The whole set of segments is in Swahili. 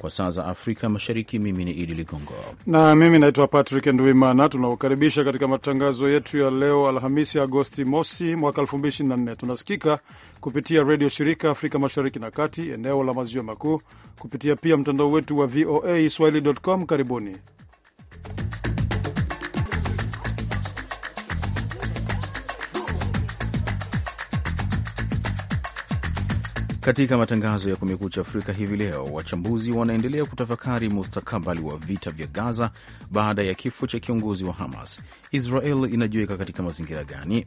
kwa saa za Afrika Mashariki. Mimi ni Idi Ligongo na mimi naitwa Patrick Nduimana. Tunawakaribisha katika matangazo yetu ya leo Alhamisi, Agosti mosi mwaka 2024. Tunasikika kupitia redio shirika Afrika Mashariki na Kati, eneo la maziwa makuu, kupitia pia mtandao wetu wa VOA swahili.com. Karibuni. Katika matangazo ya Kumekucha Afrika hivi leo, wachambuzi wanaendelea kutafakari mustakabali wa vita vya Gaza baada ya kifo cha kiongozi wa Hamas. Israel inajiweka katika mazingira gani?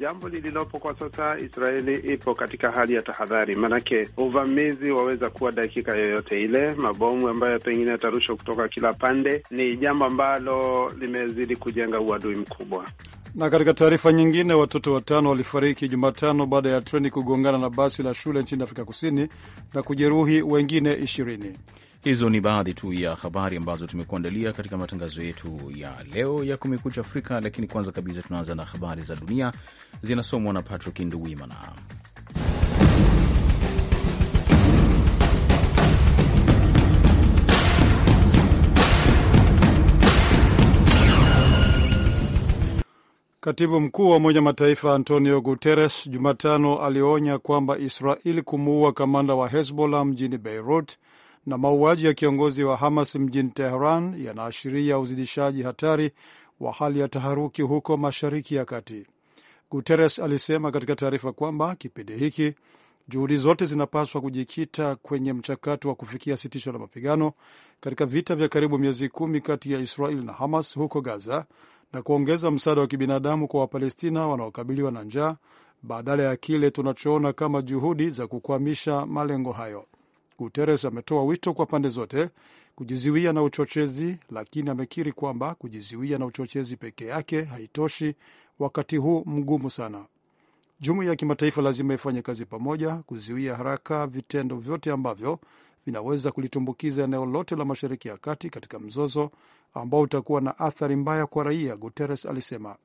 Jambo lililopo kwa sasa, Israeli ipo katika hali ya tahadhari, maanake uvamizi waweza kuwa dakika yoyote ile. Mabomu ambayo pengine yatarushwa kutoka kila pande ni jambo ambalo limezidi kujenga uadui mkubwa. Na katika taarifa nyingine, watoto watano walifariki Jumatano baada ya treni kugongana na basi la shule nchini Afrika Kusini na kujeruhi wengine ishirini. Hizo ni baadhi tu ya habari ambazo tumekuandalia katika matangazo yetu ya leo ya Kumekucha Afrika, lakini kwanza kabisa tunaanza na habari za dunia zinasomwa na Patrick Nduwimana. Katibu mkuu wa Umoja Mataifa Antonio Guterres Jumatano alionya kwamba Israeli kumuua kamanda wa Hezbollah mjini Beirut na mauaji ya kiongozi wa Hamas mjini Teheran yanaashiria uzidishaji hatari wa hali ya taharuki huko Mashariki ya Kati. Guterres alisema katika taarifa kwamba kipindi hiki juhudi zote zinapaswa kujikita kwenye mchakato wa kufikia sitisho la mapigano katika vita vya karibu miezi kumi kati ya Israel na Hamas huko Gaza na kuongeza msaada wa kibinadamu kwa Wapalestina wanaokabiliwa na njaa badala ya kile tunachoona kama juhudi za kukwamisha malengo hayo. Guterres ametoa wito kwa pande zote kujizuia na uchochezi, lakini amekiri kwamba kujizuia na uchochezi peke yake haitoshi wakati huu mgumu sana. Jumuiya ya kimataifa lazima ifanye kazi pamoja kuzuia haraka vitendo vyote ambavyo vinaweza kulitumbukiza eneo lote la Mashariki ya Kati katika mzozo ambao utakuwa na athari mbaya kwa raia, Guterres alisema.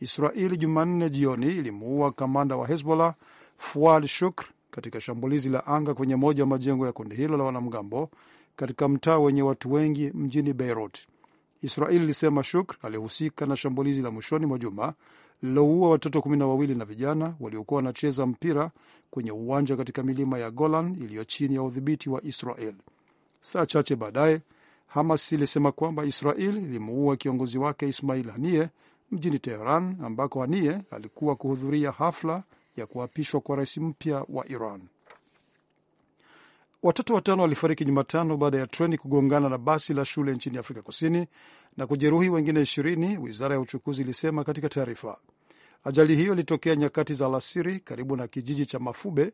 Israeli Jumanne jioni ilimuua kamanda wa Hezbollah Fuad Shukr katika shambulizi la anga kwenye moja wa majengo ya kundi hilo la wanamgambo katika mtaa wenye watu wengi mjini Beirut. Israeli ilisema Shukr alihusika na shambulizi la mwishoni mwa juma lililoua watoto kumi na wawili na vijana waliokuwa wanacheza mpira kwenye uwanja katika milima ya Golan iliyo chini ya udhibiti wa Israel. Saa chache baadaye Hamas ilisema kwamba Israel ilimuua kiongozi wake Ismail Hanie mjini Teheran, ambako Hanie alikuwa kuhudhuria hafla ya kuapishwa kwa rais mpya wa Iran. Watoto watano walifariki Jumatano baada ya treni kugongana na basi la shule nchini Afrika Kusini na kujeruhi wengine ishirini, wizara ya uchukuzi ilisema katika taarifa. Ajali hiyo ilitokea nyakati za alasiri karibu na kijiji cha Mafube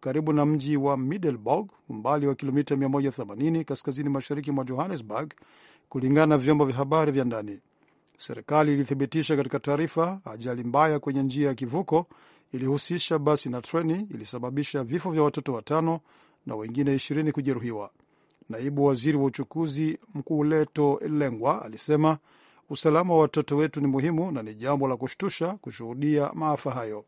karibu na mji wa Middelburg, umbali wa kilomita 180 kaskazini mashariki mwa Johannesburg, kulingana na vyombo vya habari vya ndani. Serikali ilithibitisha katika taarifa, ajali mbaya kwenye njia ya kivuko ilihusisha basi na treni ilisababisha vifo vya watoto watano na wengine ishirini kujeruhiwa. Naibu waziri wa uchukuzi mkuu Leto Lengwa alisema usalama wa watoto wetu ni muhimu na ni jambo la kushtusha kushuhudia maafa hayo.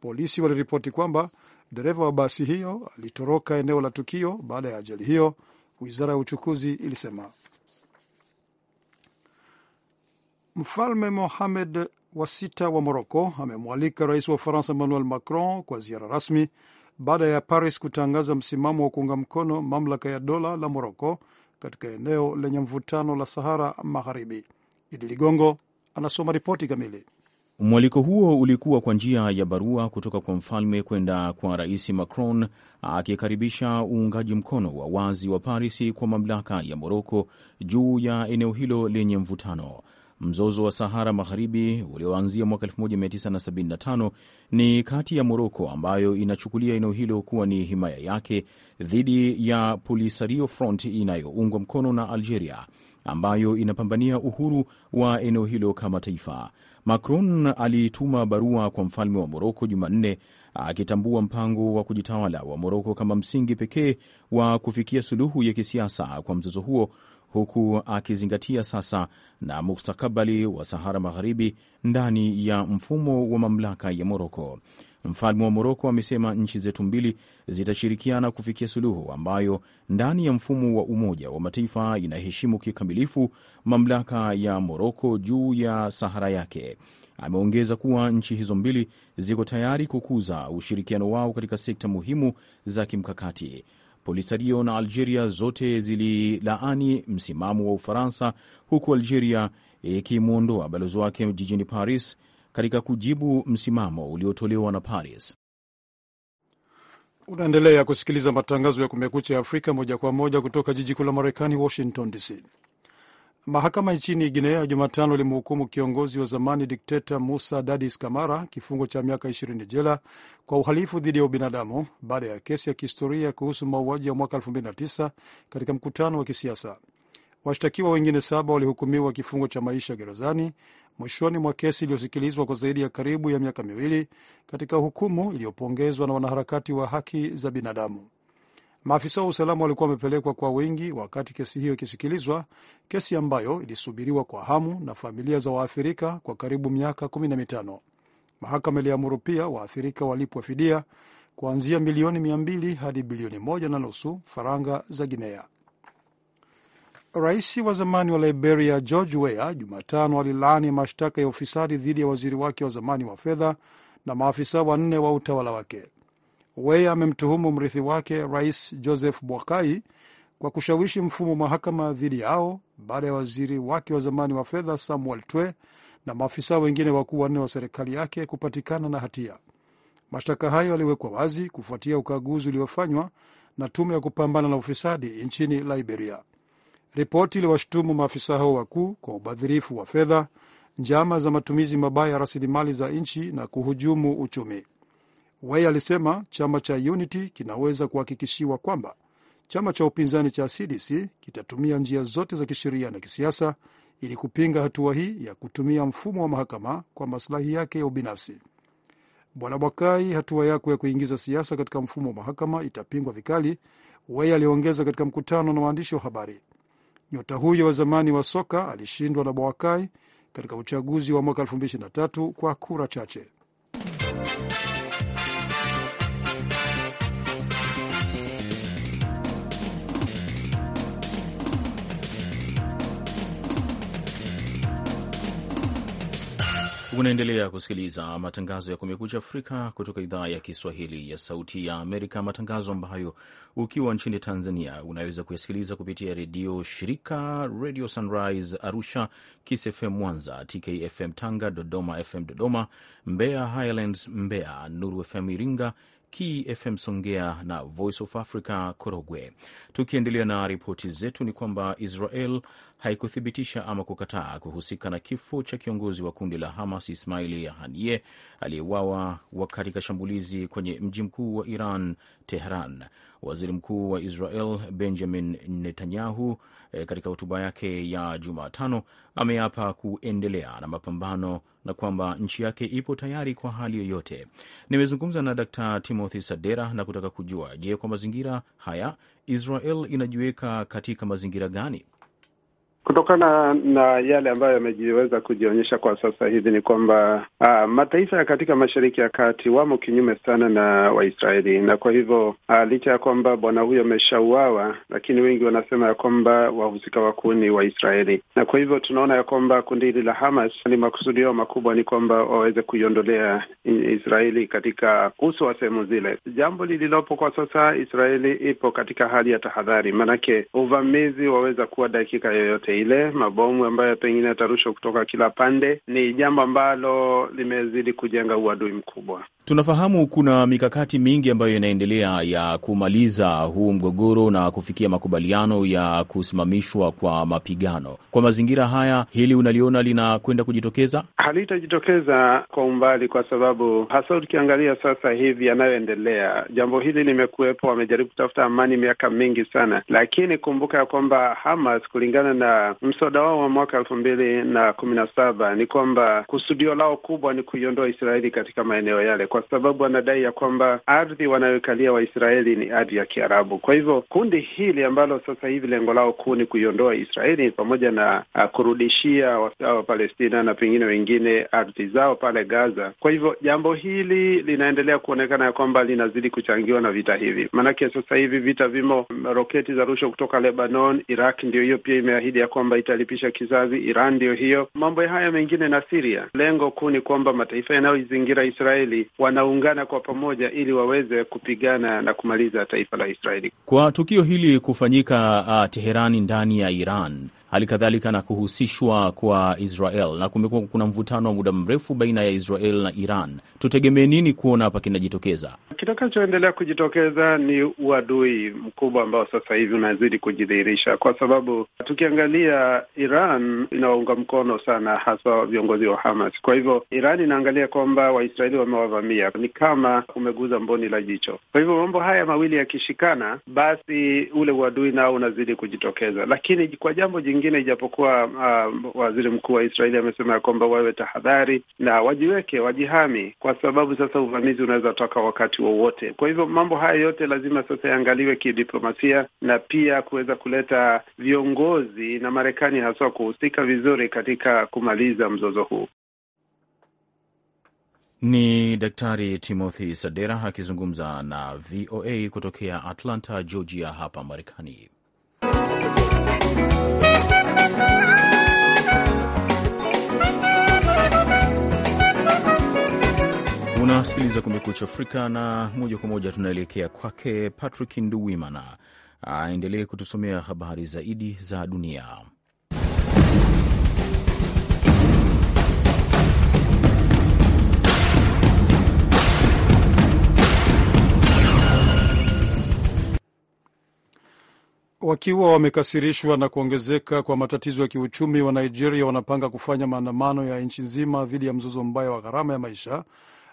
Polisi waliripoti kwamba Dereva wa basi hiyo alitoroka eneo la tukio baada ya ajali hiyo, wizara ya uchukuzi ilisema. Mfalme Mohamed wa sita wa Moroko amemwalika rais wa Ufaransa Emmanuel Macron kwa ziara rasmi baada ya Paris kutangaza msimamo wa kuunga mkono mamlaka ya dola la Moroko katika eneo lenye mvutano la Sahara Magharibi. Idi Ligongo anasoma ripoti kamili. Mwaliko huo ulikuwa kwa njia ya barua kutoka kwa mfalme kwenda kwa Rais Macron, akikaribisha uungaji mkono wa wazi wa Paris kwa mamlaka ya Moroko juu ya eneo hilo lenye mvutano. Mzozo wa Sahara Magharibi ulioanzia mwaka 1975 ni kati ya Moroko ambayo inachukulia eneo hilo kuwa ni himaya yake dhidi ya Polisario Front inayoungwa mkono na Algeria ambayo inapambania uhuru wa eneo hilo kama taifa. Macron aliituma barua kwa mfalme wa Moroko Jumanne akitambua mpango wa kujitawala wa Moroko kama msingi pekee wa kufikia suluhu ya kisiasa kwa mzozo huo huku akizingatia sasa na mustakabali wa Sahara Magharibi ndani ya mfumo wa mamlaka ya Moroko. Mfalme wa Moroko amesema nchi zetu mbili zitashirikiana kufikia suluhu ambayo ndani ya mfumo wa Umoja wa Mataifa inaheshimu kikamilifu mamlaka ya Moroko juu ya Sahara yake. Ameongeza kuwa nchi hizo mbili ziko tayari kukuza ushirikiano wao katika sekta muhimu za kimkakati. Polisario na Algeria zote zililaani msimamo wa Ufaransa, huku Algeria ikimwondoa balozi wake jijini Paris katika kujibu msimamo uliotolewa na Paris. Unaendelea kusikiliza matangazo ya Kumekucha Afrika moja kwa moja kutoka jiji kuu la Marekani, Washington DC. Mahakama nchini Guinea Jumatano ilimhukumu kiongozi wa zamani dikteta Musa Dadis Kamara kifungo cha miaka 20 jela kwa uhalifu dhidi ya ubinadamu baada ya kesi ya kihistoria kuhusu mauaji ya mwaka 2009 katika mkutano wa kisiasa. Washtakiwa wengine saba walihukumiwa kifungo cha maisha gerezani mwishoni mwa kesi iliyosikilizwa kwa zaidi ya karibu ya miaka miwili katika hukumu iliyopongezwa na wanaharakati wa haki za binadamu. Maafisa wa usalama walikuwa wamepelekwa kwa wingi wakati kesi hiyo ikisikilizwa, kesi ambayo ilisubiriwa kwa hamu na familia za waathirika kwa karibu miaka kumi na mitano. Mahakama iliamuru pia waathirika walipwa fidia kuanzia milioni mia mbili hadi bilioni moja na nusu faranga za Guinea. Rais wa zamani wa Liberia George Weah Jumatano alilaani mashtaka ya ufisadi dhidi ya waziri wake wa zamani wa fedha na maafisa wanne wa utawala wake. Weah amemtuhumu mrithi wake Rais Joseph Boakai kwa kushawishi mfumo wa mahakama dhidi yao baada ya waziri wake wa zamani wa fedha Samuel Twe na maafisa wengine wakuu wanne wa serikali yake kupatikana na hatia. Mashtaka hayo yaliwekwa wazi kufuatia ukaguzi uliofanywa na tume ya kupambana na ufisadi nchini Liberia. Ripoti iliwashutumu maafisa hao wakuu kwa ubadhirifu wa fedha, njama za matumizi mabaya ya rasilimali za nchi na kuhujumu uchumi. Wei alisema chama cha Unity kinaweza kuhakikishiwa kwamba chama cha upinzani cha CDC kitatumia njia zote za kisheria na kisiasa ili kupinga hatua hii ya kutumia mfumo wa mahakama kwa masilahi yake ya ubinafsi. Bwana Bwakai, hatua yako ya kuingiza siasa katika mfumo wa mahakama itapingwa vikali, Wei aliongeza katika mkutano na waandishi wa habari. Nyota huyo wa zamani wa soka alishindwa na Boakai katika uchaguzi wa mwaka 2023 kwa kura chache. Unaendelea kusikiliza matangazo ya Kumekucha Afrika kutoka idhaa ya Kiswahili ya Sauti ya Amerika, matangazo ambayo ukiwa nchini Tanzania unaweza kuyasikiliza kupitia redio shirika, Radio Sunrise Arusha, Kiss FM Mwanza, tkfm Tanga, Dodoma FM Dodoma, Mbeya Highlands Mbeya, Nuru FM Iringa, KFM Songea na Voice of Africa Korogwe. Tukiendelea na ripoti zetu, ni kwamba Israel haikuthibitisha ama kukataa kuhusika na kifo cha kiongozi wa kundi la Hamas Ismaili hanie aliyewawa katika shambulizi kwenye mji mkuu wa Iran, Tehran. Waziri Mkuu wa Israel Benjamin Netanyahu eh, katika hotuba yake ya Jumatano ameapa kuendelea na mapambano na kwamba nchi yake ipo tayari kwa hali yoyote. Nimezungumza na Dkt Timothy Sadera na kutaka kujua, je, kwa mazingira haya Israel inajiweka katika mazingira gani? Kutokana na yale ambayo yamejiweza kujionyesha kwa sasa hivi ni kwamba ah, mataifa ya katika Mashariki ya Kati wamo kinyume sana na Waisraeli, na kwa hivyo ah, licha ya kwamba bwana huyo ameshauawa, lakini wengi wanasema ya kwamba wahusika wakuu ni Waisraeli, na kwa hivyo tunaona ya kwamba kundi hili la Hamas ni makusudi yao makubwa ni kwamba waweze kuiondolea Israeli katika uso wa sehemu zile. Jambo lililopo kwa sasa, Israeli ipo katika hali ya tahadhari, maanake uvamizi waweza kuwa dakika yoyote ile, mabomu ambayo pengine yatarushwa kutoka kila pande, ni jambo ambalo limezidi kujenga uadui mkubwa. Tunafahamu kuna mikakati mingi ambayo inaendelea ya kumaliza huu mgogoro na kufikia makubaliano ya kusimamishwa kwa mapigano. Kwa mazingira haya, hili unaliona linakwenda kujitokeza? Halitajitokeza kwa umbali, kwa sababu hasa ukiangalia sasa hivi yanayoendelea, jambo hili limekuwepo, wamejaribu kutafuta amani miaka mingi sana, lakini kumbuka ya kwamba Hamas kulingana na katika mswada wao wa mwaka elfu mbili na kumi na saba ni kwamba kusudio lao kubwa ni kuiondoa Israeli katika maeneo yale, kwa sababu wanadai ya kwamba ardhi wanayoikalia Waisraeli ni ardhi ya Kiarabu. Kwa hivyo kundi hili ambalo sasa hivi lengo lao kuu ni kuiondoa Israeli pamoja na uh, kurudishia wa uh, na pengine wengine ardhi zao pale Gaza. Kwa hivyo jambo hili linaendelea kuonekana ya kwamba linazidi kuchangiwa na vita hivi, maanake sasa hivi vita vimo, roketi za rushwa kutoka Lebanon, Iraq, ndio hiyo pia imeahidi ya kwamba italipisha kizazi. Iran ndiyo hiyo, mambo haya mengine na Siria. Lengo kuu ni kwamba mataifa yanayoizingira Israeli wanaungana kwa pamoja ili waweze kupigana na kumaliza taifa la Israeli. Kwa tukio hili kufanyika uh, Teherani ndani ya Iran hali kadhalika na kuhusishwa kwa Israel, na kumekuwa kuna mvutano wa muda mrefu baina ya Israel na Iran. Tutegemee nini kuona hapa kinajitokeza? Kitakachoendelea kujitokeza ni uadui mkubwa ambao sasa hivi unazidi kujidhihirisha, kwa sababu tukiangalia Iran inawaunga mkono sana haswa viongozi wa Hamas. Kwa hivyo Iran inaangalia kwamba Waisraeli wamewavamia, ni kama umeguza mboni la jicho. Kwa hivyo mambo haya mawili yakishikana, basi ule uadui nao unazidi kujitokeza, lakini kwa jambo kingine, ijapokuwa uh, waziri mkuu wa Israeli amesema ya kwamba wawe tahadhari na wajiweke, wajihami, kwa sababu sasa uvamizi unaweza toka wakati wowote wa. Kwa hivyo mambo haya yote lazima sasa yaangaliwe kidiplomasia na pia kuweza kuleta viongozi na Marekani haswa kuhusika vizuri katika kumaliza mzozo huu. Ni Daktari Timothy Sadera akizungumza na VOA kutokea Atlanta, Georgia, hapa Marekani. Unasikiliza Kumekucha Afrika na moja kwa moja tunaelekea kwake Patrick Nduwimana aendelee kutusomea habari zaidi za dunia. Wakiwa wamekasirishwa na kuongezeka kwa matatizo ya kiuchumi wa Nigeria, wanapanga kufanya maandamano ya nchi nzima dhidi ya mzozo mbaya wa gharama ya maisha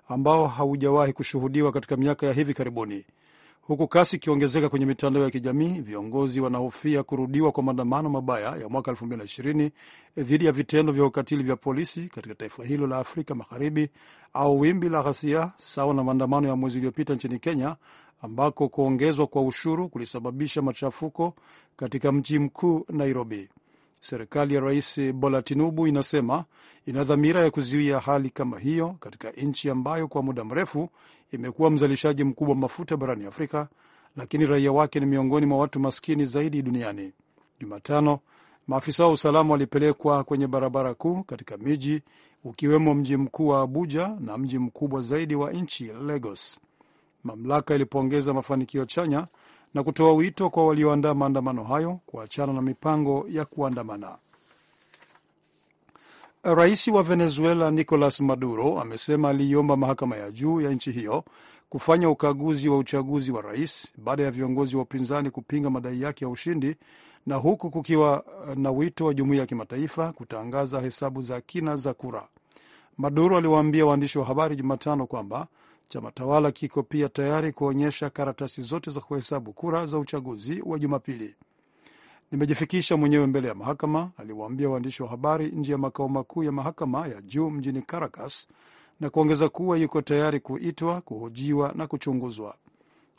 ambao haujawahi kushuhudiwa katika miaka ya hivi karibuni. Huku kasi ikiongezeka kwenye mitandao ya kijamii, viongozi wanahofia kurudiwa kwa maandamano mabaya ya mwaka 2020 dhidi ya vitendo vya ukatili vya polisi katika taifa hilo la Afrika Magharibi au wimbi la ghasia sawa na maandamano ya mwezi uliopita nchini Kenya, ambako kuongezwa kwa ushuru kulisababisha machafuko katika mji mkuu Nairobi. Serikali ya Rais Bola Tinubu inasema ina dhamira ya kuzuia hali kama hiyo katika nchi ambayo kwa muda mrefu imekuwa mzalishaji mkubwa wa mafuta barani Afrika, lakini raia wake ni miongoni mwa watu maskini zaidi duniani. Jumatano, maafisa wa usalama walipelekwa kwenye barabara kuu katika miji ukiwemo mji mkuu wa Abuja na mji mkubwa zaidi wa nchi Lagos. Mamlaka ilipongeza mafanikio chanya na kutoa wito kwa walioandaa maandamano hayo kuachana na mipango ya kuandamana. Rais wa Venezuela Nicolas Maduro amesema aliiomba mahakama ya juu ya nchi hiyo kufanya ukaguzi wa uchaguzi wa rais baada ya viongozi wa upinzani kupinga madai yake ya ushindi na huku kukiwa eh, na wito wa jumuiya ya kimataifa kutangaza hesabu za kina za kura. Maduro aliwaambia waandishi wa habari Jumatano kwamba Chama tawala kiko pia tayari kuonyesha karatasi zote za kuhesabu kura za uchaguzi wa Jumapili. Nimejifikisha mwenyewe mbele ya mahakama, aliwaambia waandishi wa habari nje ya makao makuu ya mahakama ya juu mjini Caracas, na kuongeza kuwa yuko tayari kuitwa, kuhojiwa na kuchunguzwa.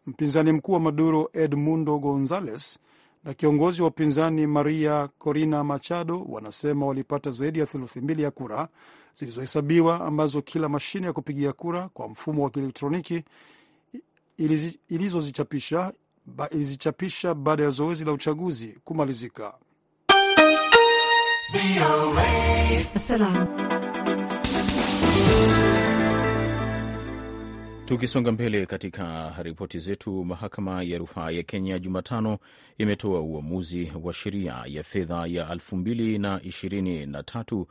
Mpinzani mkuu wa Maduro Edmundo gonzales na kiongozi wa upinzani Maria Corina Machado wanasema walipata zaidi ya theluthi mbili ya kura zilizohesabiwa ambazo kila mashine ya kupigia kura kwa mfumo wa kielektroniki ilizozichapisha ba, ilizichapisha baada ya zoezi la uchaguzi kumalizika. Tukisonga mbele katika ripoti zetu, mahakama ya rufaa ya Kenya Jumatano imetoa uamuzi wa sheria ya fedha ya 2023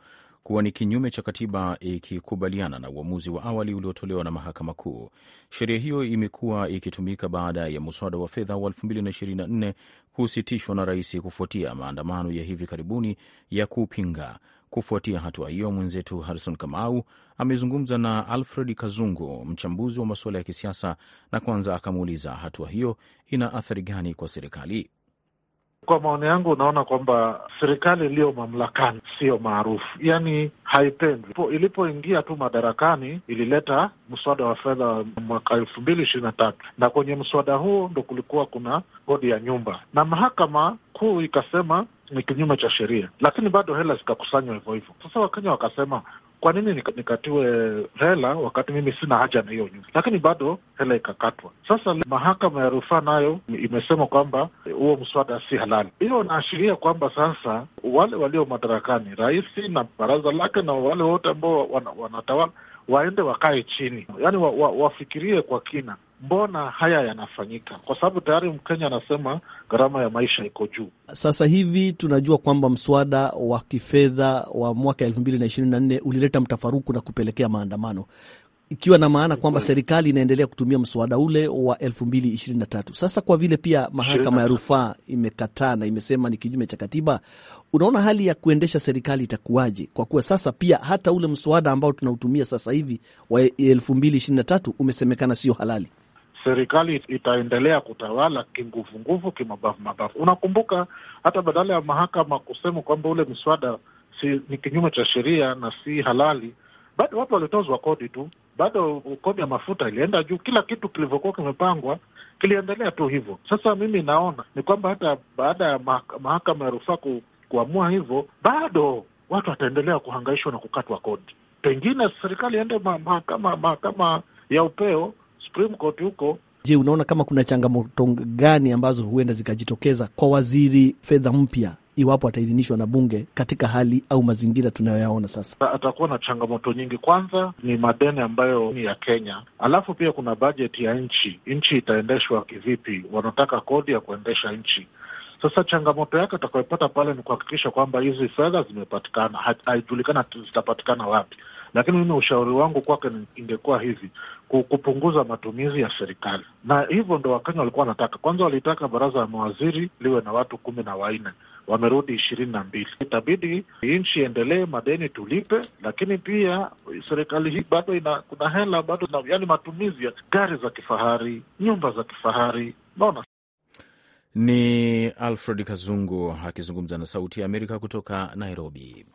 kuwa ni kinyume cha katiba ikikubaliana na uamuzi wa awali uliotolewa na mahakama kuu. Sheria hiyo imekuwa ikitumika baada ya mswada wa fedha wa 2024 kusitishwa na rais kufuatia maandamano ya hivi karibuni ya kupinga. Kufuatia hatua hiyo, mwenzetu Harison Kamau amezungumza na Alfred Kazungu, mchambuzi wa masuala ya kisiasa, na kwanza akamuuliza hatua hiyo ina athari gani kwa serikali. Kwa maoni yangu, unaona kwamba serikali iliyo mamlakani siyo maarufu, yani haipendwi. Ilipoingia tu madarakani, ilileta mswada wa fedha wa mwaka elfu mbili ishirini na tatu na kwenye mswada huo ndo kulikuwa kuna kodi ya nyumba, na mahakama kuu ikasema ni kinyume cha sheria, lakini bado hela zikakusanywa hivyo hivyo. Sasa Wakenya wakasema kwa nini nikatiwe hela wakati mimi sina haja na hiyo nyumba? Lakini bado hela ikakatwa. Sasa mahakama ya rufaa nayo imesema kwamba huo mswada si halali. Hiyo inaashiria kwamba sasa wale walio madarakani, rais na baraza lake na wale wote ambao wanatawala wana waende wakae chini, yaani wa, wa, wafikirie kwa kina, mbona haya yanafanyika? Kwa sababu tayari Mkenya anasema gharama ya maisha iko juu. Sasa hivi tunajua kwamba mswada wa kifedha wa mwaka elfu mbili na ishirini na nne ulileta mtafaruku na kupelekea maandamano ikiwa na maana kwamba serikali inaendelea kutumia mswada ule wa elfu mbili ishirini na tatu. Sasa kwa vile pia mahakama ya rufaa imekataa na imesema ni kinyume cha katiba, unaona hali ya kuendesha serikali itakuwaje? Kwa kuwa sasa pia hata ule mswada ambao tunautumia sasa hivi wa elfu mbili ishirini na tatu umesemekana sio halali. Serikali itaendelea kutawala kinguvunguvu, kimabavu mabavu. Unakumbuka hata badala ya mahakama kusema kwamba ule mswada si, ni kinyume cha sheria na si halali bado watu walitozwa kodi tu, bado kodi ya mafuta ilienda juu. Kila kitu kilivyokuwa kimepangwa kiliendelea tu hivyo. Sasa mimi naona ni kwamba hata baada ya mahakama ya rufaa kuamua hivyo, bado watu wataendelea kuhangaishwa na kukatwa kodi. Pengine serikali iende mahakama mahakama ya upeo Supreme Court huko Je, unaona kama kuna changamoto gani ambazo huenda zikajitokeza kwa waziri fedha mpya iwapo ataidhinishwa na bunge katika hali au mazingira tunayoyaona sasa, atakuwa na changamoto nyingi. Kwanza ni madeni ambayo ni ya Kenya, alafu pia kuna bajeti ya nchi. Nchi itaendeshwa kivipi? Wanataka kodi ya kuendesha nchi. Sasa changamoto yake atakayopata pale ni kuhakikisha kwamba hizi fedha zimepatikana, haijulikana zitapatikana wapi. Lakini mimi ushauri wangu kwake ingekuwa hivi, kupunguza matumizi ya serikali, na hivyo ndo Wakenya walikuwa wanataka. Kwanza walitaka baraza la mawaziri liwe na watu kumi na wanne, wamerudi ishirini na mbili. Itabidi nchi endelee, madeni tulipe, lakini pia serikali hii bado ina, kuna hela bado na, yani matumizi ya gari za kifahari, nyumba za kifahari, naona ni Alfred Kazungu akizungumza na Sauti ya Amerika kutoka Nairobi.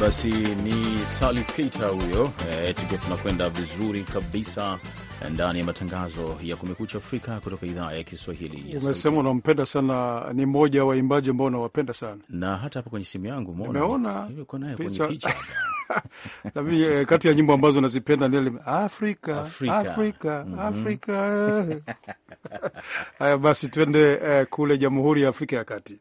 basi ni Sali Keita huyo, e, tukiwa tunakwenda vizuri kabisa ndani ya matangazo ya Kumekucha Afrika kutoka idhaa ya Kiswahili. Umesema unampenda sana, ni mmoja wa waimbaji ambao unawapenda sana, na hata hapa kwenye simu yangu nimeona picha nami eh, kati ya nyimbo ambazo nazipenda ni Afrika, Afrika, Afrika. Mhm. Haya basi, tuende eh, kule Jamhuri ya Afrika ya Kati.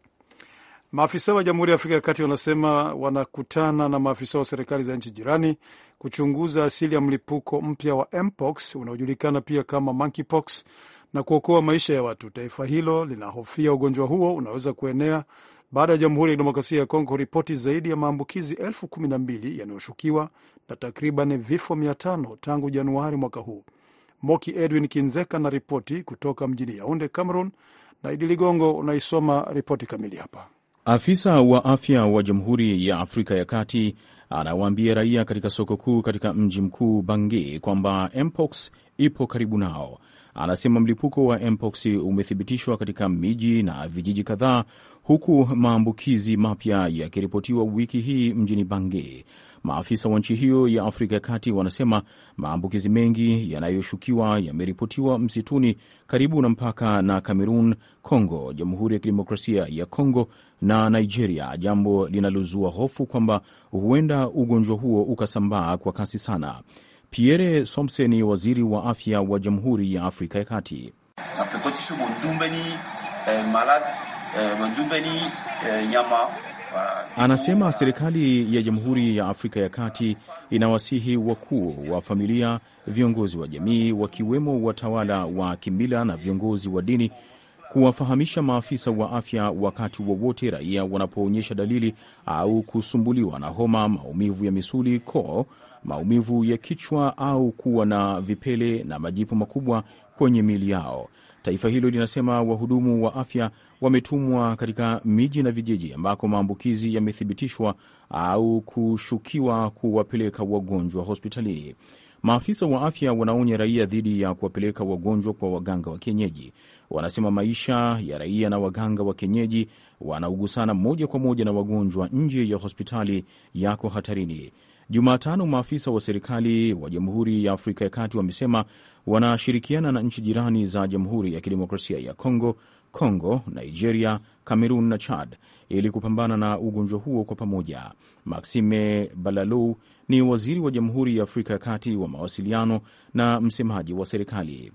Maafisa wa Jamhuri ya Afrika ya Kati wanasema wanakutana na maafisa wa serikali za nchi jirani kuchunguza asili ya mlipuko mpya wa mpox unaojulikana pia kama monkeypox na kuokoa maisha ya watu. Taifa hilo linahofia ugonjwa huo unaweza kuenea baada ya Jamhuri ya Kidemokrasia ya Kongo ripoti zaidi ya maambukizi elfu kumi na mbili yanayoshukiwa na takriban vifo mia tano tangu Januari mwaka huu. Moki Edwin Kinzeka na ripoti kutoka mjini Yaunde, Cameroon, na Idi Ligongo unaisoma ripoti kamili hapa. Afisa wa afya wa Jamhuri ya Afrika ya Kati anawaambia raia katika soko kuu katika mji mkuu Bangui kwamba mpox ipo karibu nao. Anasema mlipuko wa mpox umethibitishwa katika miji na vijiji kadhaa, huku maambukizi mapya yakiripotiwa wiki hii mjini Bangui. Maafisa wa nchi hiyo ya Afrika ya Kati wanasema maambukizi mengi yanayoshukiwa yameripotiwa msituni karibu na mpaka na Kamerun, congo Jamhuri ya Kidemokrasia ya congo na Nigeria, jambo linalozua hofu kwamba huenda ugonjwa huo ukasambaa kwa kasi sana. Pierre Somse ni waziri wa afya wa Jamhuri ya Afrika ya Kati. Anasema serikali ya Jamhuri ya Afrika ya Kati inawasihi wakuu wa familia, viongozi wa jamii, wakiwemo watawala wa kimila na viongozi wa dini kuwafahamisha maafisa wa afya wakati wowote raia wanapoonyesha dalili au kusumbuliwa na homa, maumivu ya misuli, koo, maumivu ya kichwa au kuwa na vipele na majipu makubwa kwenye miili yao. Taifa hilo linasema wahudumu wa afya wametumwa katika miji na vijiji ambako maambukizi yamethibitishwa au kushukiwa kuwapeleka wagonjwa hospitalini. Maafisa wa afya wanaonya raia dhidi ya kuwapeleka wagonjwa kwa waganga wa kienyeji. Wanasema maisha ya raia na waganga wa kienyeji wanaugusana moja kwa moja na wagonjwa nje ya hospitali yako hatarini. Jumatano, maafisa wa serikali wa Jamhuri ya Afrika ya Kati wamesema wanashirikiana na nchi jirani za Jamhuri ya Kidemokrasia ya Kongo congo Nigeria, cameroon na Chad ili kupambana na ugonjwa huo kwa pamoja. Maxime Balalou ni waziri wa Jamhuri ya Afrika ya Kati wa mawasiliano na msemaji wa serikali.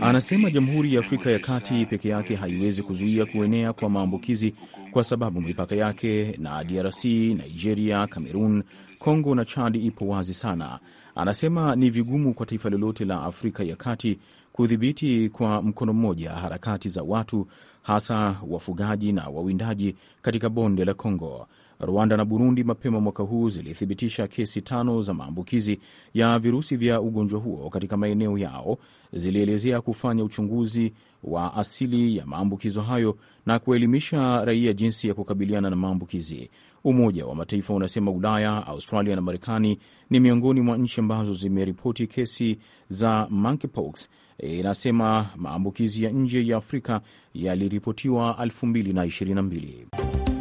Anasema Jamhuri ya Afrika ya Kati peke yake haiwezi kuzuia kuenea kwa maambukizi kwa sababu mipaka yake na DRC, Nigeria, Kamerun, congo na Chad ipo wazi sana. Anasema ni vigumu kwa taifa lolote la Afrika ya Kati kudhibiti kwa mkono mmoja harakati za watu hasa wafugaji na wawindaji katika bonde la Kongo. Rwanda na Burundi mapema mwaka huu zilithibitisha kesi tano za maambukizi ya virusi vya ugonjwa huo katika maeneo yao. Zilielezea kufanya uchunguzi wa asili ya maambukizo hayo na kuelimisha raia jinsi ya kukabiliana na maambukizi. Umoja wa Mataifa unasema Ulaya, Australia na Marekani ni miongoni mwa nchi ambazo zimeripoti kesi za monkeypox. E, inasema maambukizi ya nje ya Afrika yaliripotiwa 2022.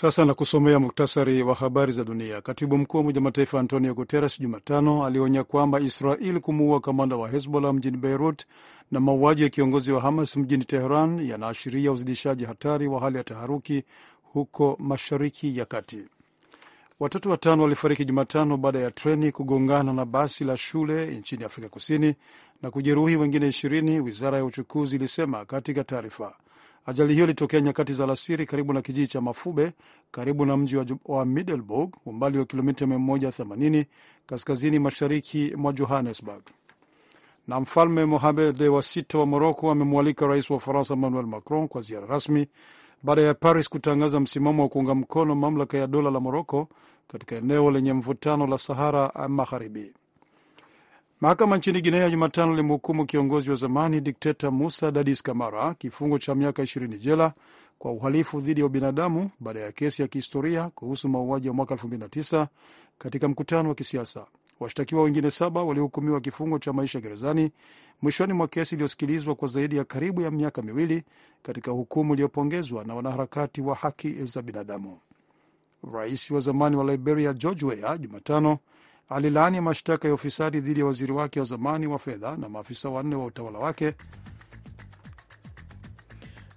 Sasa na kusomea muktasari wa habari za dunia. Katibu mkuu wa Umoja Mataifa Antonio Guterres Jumatano alionya kwamba Israel kumuua kamanda wa Hezbollah mjini Beirut na mauaji ya kiongozi wa Hamas mjini Teheran yanaashiria uzidishaji hatari wa hali ya taharuki huko Mashariki ya Kati. Watoto watano walifariki Jumatano baada ya treni kugongana na basi la shule nchini Afrika Kusini na kujeruhi wengine ishirini, wizara ya uchukuzi ilisema katika taarifa. Ajali hiyo ilitokea nyakati za alasiri karibu na kijiji cha Mafube karibu na mji wa Middelburg, umbali wa kilomita 180 kaskazini mashariki mwa Johannesburg. Na Mfalme Mohamed wa sita wa Moroko amemwalika rais wa Faransa Emmanuel Macron kwa ziara rasmi baada ya Paris kutangaza msimamo wa kuunga mkono mamlaka ya dola la Moroko katika eneo lenye mvutano la Sahara Magharibi. Mahakama nchini Guinea Jumatano limehukumu kiongozi wa zamani dikteta Musa Dadis Kamara kifungo cha miaka 20 jela kwa uhalifu dhidi ya ubinadamu baada ya kesi ya kihistoria kuhusu mauaji ya mwaka 2009 katika mkutano wa kisiasa. Washtakiwa wengine saba walihukumiwa kifungo cha maisha gerezani mwishoni mwa kesi iliyosikilizwa kwa zaidi ya karibu ya miaka miwili katika hukumu iliyopongezwa na wanaharakati wa haki za binadamu. Rais wa zamani wa Liberia George Weah Jumatano alilaani mashtaka ya ufisadi dhidi ya waziri wake wa zamani wa fedha na maafisa wanne wa utawala wake.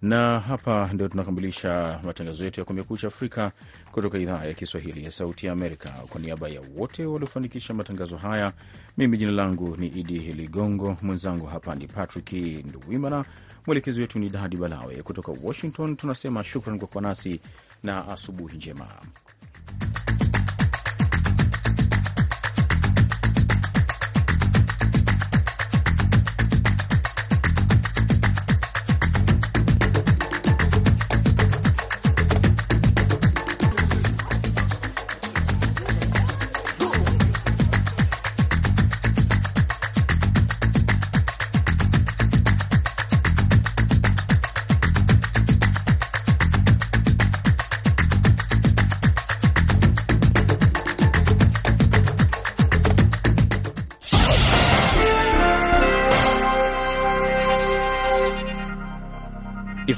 Na hapa ndio tunakamilisha matangazo yetu ya Kumekucha Afrika kutoka idhaa ya Kiswahili ya Sauti ya Amerika. Kwa niaba ya wote waliofanikisha matangazo haya, mimi jina langu ni Idi Ligongo, mwenzangu hapa ni Patrick Nduwimana, mwelekezi wetu ni Dadi Balawe. Kutoka Washington tunasema shukran kwa kuwa nasi na asubuhi njema.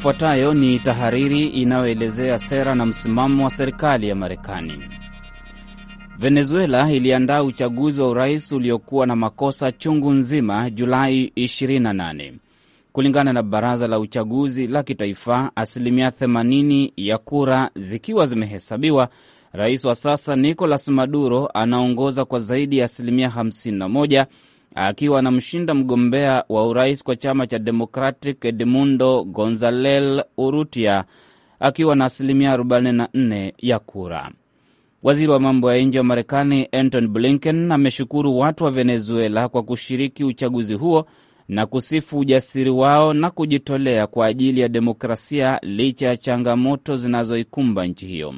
Ifuatayo ni tahariri inayoelezea sera na msimamo wa serikali ya Marekani. Venezuela iliandaa uchaguzi wa urais uliokuwa na makosa chungu nzima Julai 28. Kulingana na baraza la uchaguzi la kitaifa, asilimia 80 ya kura zikiwa zimehesabiwa, rais wa sasa Nicolas Maduro anaongoza kwa zaidi ya asilimia 51 akiwa anamshinda mgombea wa urais kwa chama cha Democratic Edmundo Gonzalez Urrutia akiwa na asilimia 44 ya kura. Waziri wa mambo ya nje wa Marekani Antony Blinken ameshukuru watu wa Venezuela kwa kushiriki uchaguzi huo na kusifu ujasiri wao na kujitolea kwa ajili ya demokrasia licha ya changamoto zinazoikumba nchi hiyo.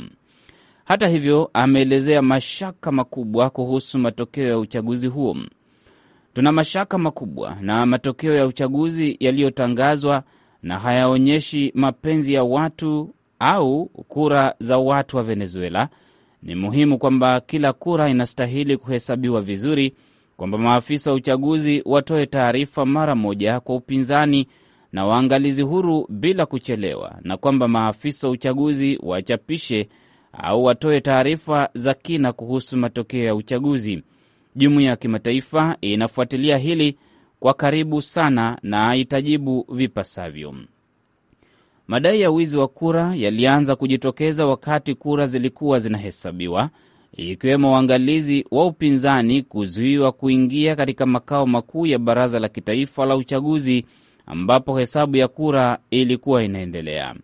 Hata hivyo, ameelezea mashaka makubwa kuhusu matokeo ya uchaguzi huo. Tuna mashaka makubwa na matokeo ya uchaguzi yaliyotangazwa na hayaonyeshi mapenzi ya watu au kura za watu wa Venezuela. Ni muhimu kwamba kila kura inastahili kuhesabiwa vizuri, kwamba maafisa wa uchaguzi watoe taarifa mara moja kwa upinzani na waangalizi huru bila kuchelewa, na kwamba maafisa wa uchaguzi wachapishe au watoe taarifa za kina kuhusu matokeo ya uchaguzi. Jumuiya ya kimataifa inafuatilia hili kwa karibu sana na itajibu vipasavyo. Madai ya wizi wa kura yalianza kujitokeza wakati kura zilikuwa zinahesabiwa, ikiwemo waangalizi wa upinzani kuzuiwa kuingia katika makao makuu ya Baraza la Kitaifa la Uchaguzi ambapo hesabu ya kura ilikuwa inaendelea.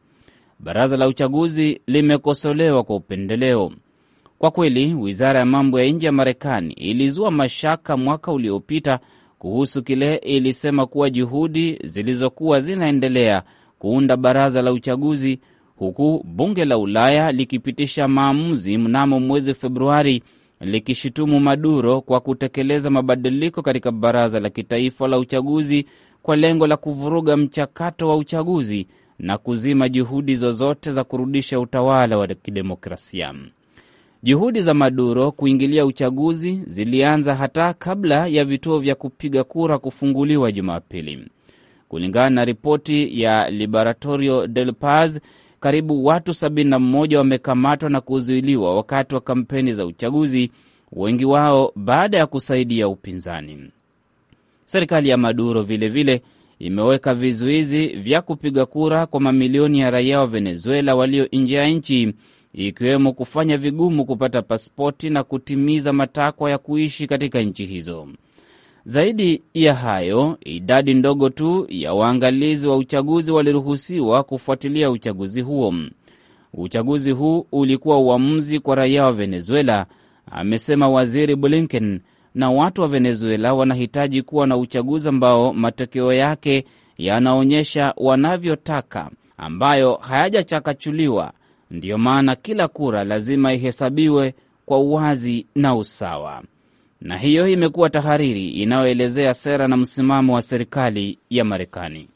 Baraza la uchaguzi limekosolewa kwa upendeleo. Kwa kweli, wizara ya mambo ya nje ya Marekani ilizua mashaka mwaka uliopita kuhusu kile ilisema kuwa juhudi zilizokuwa zinaendelea kuunda baraza la uchaguzi, huku bunge la Ulaya likipitisha maamuzi mnamo mwezi Februari likishutumu Maduro kwa kutekeleza mabadiliko katika baraza la kitaifa la uchaguzi kwa lengo la kuvuruga mchakato wa uchaguzi na kuzima juhudi zozote za kurudisha utawala wa kidemokrasia. Juhudi za Maduro kuingilia uchaguzi zilianza hata kabla ya vituo vya kupiga kura kufunguliwa Jumapili. Kulingana na ripoti ya liberatorio del Paz, karibu watu 71 wamekamatwa na kuzuiliwa wakati wa kampeni za uchaguzi, wengi wao baada ya kusaidia upinzani. Serikali ya Maduro vilevile vile imeweka vizuizi vya kupiga kura kwa mamilioni ya raia wa Venezuela walio nje ya nchi ikiwemo kufanya vigumu kupata pasipoti na kutimiza matakwa ya kuishi katika nchi hizo. Zaidi ya hayo, idadi ndogo tu ya waangalizi wa uchaguzi waliruhusiwa kufuatilia uchaguzi huo. Uchaguzi huu ulikuwa uamuzi kwa raia wa Venezuela, amesema Waziri Blinken, na watu wa Venezuela wanahitaji kuwa na uchaguzi ambao matokeo yake yanaonyesha wanavyotaka, ambayo hayajachakachuliwa Ndiyo maana kila kura lazima ihesabiwe kwa uwazi na usawa. Na hiyo imekuwa tahariri inayoelezea sera na msimamo wa serikali ya Marekani.